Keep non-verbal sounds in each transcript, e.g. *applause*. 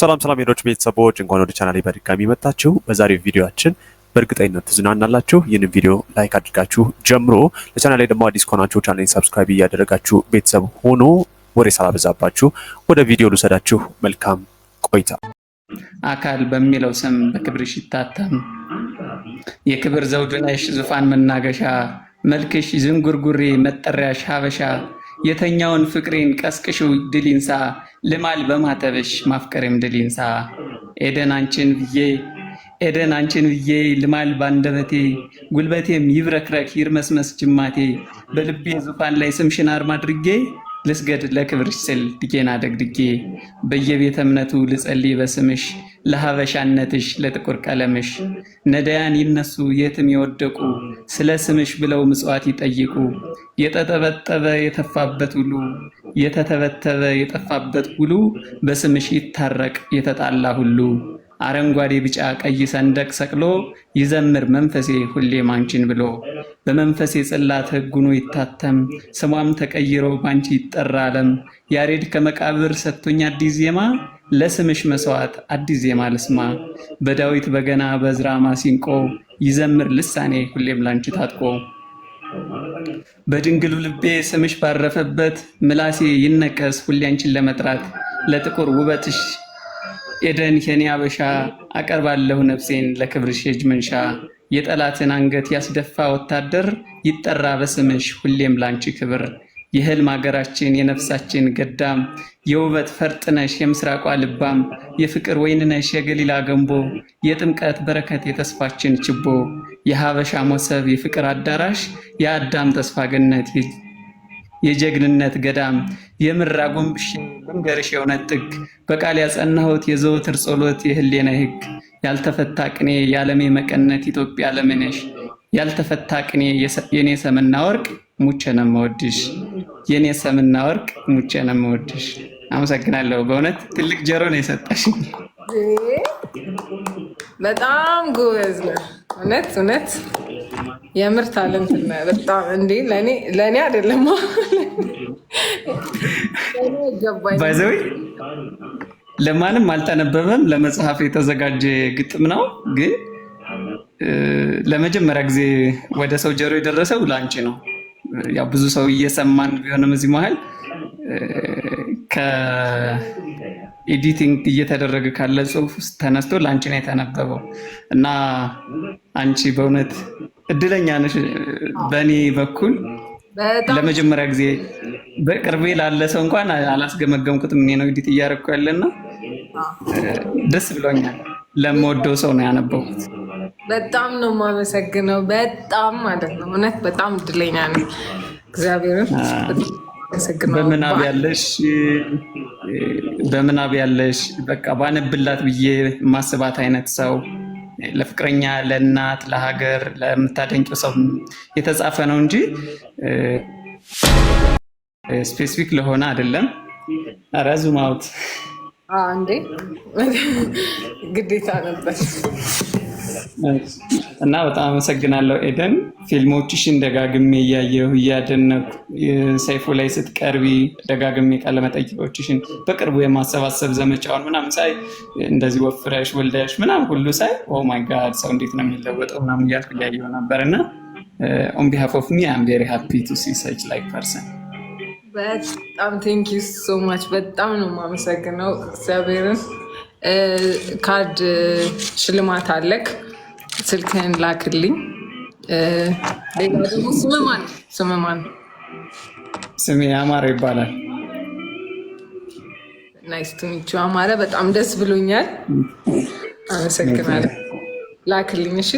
ሰላም ሰላም ሄዶች ቤተሰቦች እንኳን ወደ ቻናሌ በድጋሚ መጣችሁ። በዛሬው ቪዲዮችን በእርግጠኝነት ትዝናናላችሁ። ይህንን ቪዲዮ ላይክ አድርጋችሁ ጀምሮ ለቻናሌ ደግሞ አዲስ ከሆናችሁ ቻናሌን ሰብስክራይብ እያደረጋችሁ ቤተሰብ ሆኖ ወሬ ሳላበዛባችሁ ወደ ቪዲዮ ልውሰዳችሁ። መልካም ቆይታ። አካል በሚለው ስም በክብርሽ ይታተም የክብር ዘውድ ነሽ ዙፋን መናገሻ መልክሽ ዝንጉርጉሪ መጠሪያሽ ሀበሻ የተኛውን ፍቅሬን ቀስቅሹ ድሊንሳ ልማል በማተበሽ ማፍቀሬም ድሊንሳ ኤደን አንቺን ብዬ ኤደን አንቺን ብዬ ልማል ባንደበቴ ጉልበቴም ይብረክረክ ይርመስመስ ጅማቴ በልቤ ዙፋን ላይ ስምሽን አርማ አድርጌ ልስገድ ለክብርሽ ስል ድጌና ደግድጌ በየቤተ እምነቱ ልጸልይ በስምሽ ለሀበሻነትሽ ለጥቁር ቀለምሽ ነዳያን ይነሱ የትም የወደቁ ስለ ስምሽ ብለው ምጽዋት ይጠይቁ የተጠበጠበ የተፋበት ውሉ የተተበተበ የጠፋበት ውሉ በስምሽ ይታረቅ የተጣላ ሁሉ አረንጓዴ ቢጫ ቀይ ሰንደቅ ሰቅሎ ይዘምር መንፈሴ ሁሌ ማንችን ብሎ በመንፈስ የጸላተ ህጉኖ ይታተም ስሟም ተቀይሮ ባንቺ ይጠራ ያሬድ ከመቃብር ሰጥቶኝ አዲስ ዜማ ለስምሽ መስዋዕት አዲስ ዜማ ልስማ። በዳዊት በገና በዝራ ማሲንቆ ይዘምር ልሳኔ ሁሌም ላንቺ ታጥቆ። በድንግሉ ልቤ ስምሽ ባረፈበት ምላሴ ይነቀስ ሁሌ አንቺን ለመጥራት ለጥቁር ውበትሽ ኤደን የኔ አበሻ አቀርባለሁ ነፍሴን ለክብርሽ የእጅ መንሻ የጠላትን አንገት ያስደፋ ወታደር ይጠራ በስምሽ ሁሌም ላንቺ ክብር። የህልም አገራችን የነፍሳችን ገዳም የውበት ፈርጥነሽ የምስራቋ ልባም የፍቅር ወይንነሽ የገሊላ ገንቦ የጥምቀት በረከት የተስፋችን ችቦ የሀበሻ ሞሰብ የፍቅር አዳራሽ የአዳም ተስፋ ገነት የጀግንነት ገዳም የምራ ጎንብሽ ልንገርሽ የእውነት ጥግ በቃል ያጸናሁት የዘውትር ጸሎት የህሌና ህግ ያልተፈታ ቅኔ የዓለሜ መቀነት ኢትዮጵያ ለምንሽ ያልተፈታ ቅኔ የኔ ሰምና ወርቅ ሙቼ ነው የምወድሽ የኔ ሰምና ወርቅ ሙቼ ነው የምወድሽ። አመሰግናለሁ። በእውነት ትልቅ ጆሮ ነው የሰጠሽ። በጣም ጎበዝ ነው። እውነት እውነት የምር ታለንት በጣም ለእኔ አይደለም *laughs* ይገባኝ ለማንም አልተነበበም። ለመጽሐፍ የተዘጋጀ ግጥም ነው፣ ግን ለመጀመሪያ ጊዜ ወደ ሰው ጆሮ የደረሰው ላንቺ ነው። ያው ብዙ ሰው እየሰማን ቢሆንም እዚህ መሀል ከኤዲቲንግ እየተደረገ ካለ ጽሁፍ ውስጥ ተነስቶ ላንቺ ነው የተነበበው እና አንቺ በእውነት እድለኛ ነሽ። በእኔ በኩል ለመጀመሪያ ጊዜ በቅርቤ ላለ ሰው እንኳን አላስገመገምኩትም። እኔ ነው ኤዲት እያደረኩ ያለና ደስ ብሎኛል። ለምወደው ሰው ነው ያነበብኩት። በጣም ነው የማመሰግነው። በጣም ማለት ነው እውነት በጣም እድለኛ ነኝ። እግዚአብሔርን በምናብ ያለሽ በምናብ ያለሽ በቃ ባነብላት ብዬ ማስባት አይነት ሰው ለፍቅረኛ፣ ለእናት፣ ለሀገር፣ ለምታደንቂው ሰው የተጻፈ ነው እንጂ ስፔሲፊክ ለሆነ አይደለም። ኧረ ዙም አውት እንዴ ግዴታ ነበር። እና በጣም አመሰግናለሁ ኤደን። ፊልሞችሽን ደጋግሜ እያየሁ እያደነኩ ሰይፉ ላይ ስትቀርቢ ደጋግሜ ቃለመጠይቆችሽን በቅርቡ የማሰባሰብ ዘመቻውን ምናምን ሳይ እንደዚህ ወፍረሽ ወልደሽ ምናምን ሁሉ ሳይ ኦ ጋድ ሰው እንዴት ነው የሚለወጠው ምናምን እያልኩ እያየሁ ነበር እና ኦን ቢሃፍ ኦፍ ሚ አም ቬሪ ሃፒ ቱ ሲ ሰች ላይክ ፐርሰን በጣም ቴንክ ዩ ሶ ማች በጣም ነው የማመሰግነው እግዚአብሔርን። ካርድ ሽልማት አለክ፣ ስልክህን ላክልኝ። ሌላ ደግሞ ስምህ ማን? ስምህ ማን? ስሜ አማረ ይባላል። ናይስ ቱ ሚት ዩ አማረ፣ በጣም ደስ ብሎኛል። አመሰግናለሁ። ላክልኝ እሺ።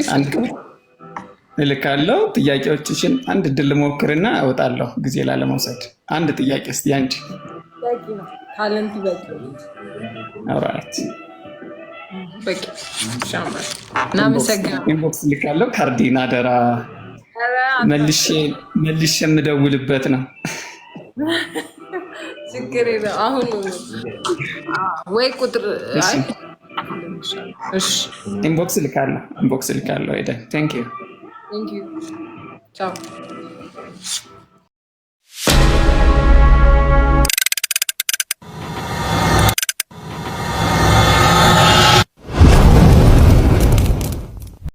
እልካለሁ። ጥያቄዎችሽን አንድ ድል ሞክርና እወጣለሁ፣ ጊዜ ላለመውሰድ። አንድ ጥያቄ እስኪ አንቺ ኢንቦክስ እልካለሁ። ካርዲን አደራ መልሼ የምደውልበት ነው። *laughs* ችግር የለም። አሁን ወይ ቁጥር ኢንቦክስ እልካለሁ። ኢንቦክስ እልካለሁ። ሄደን ቴንክ ዩ Thank you. Ciao.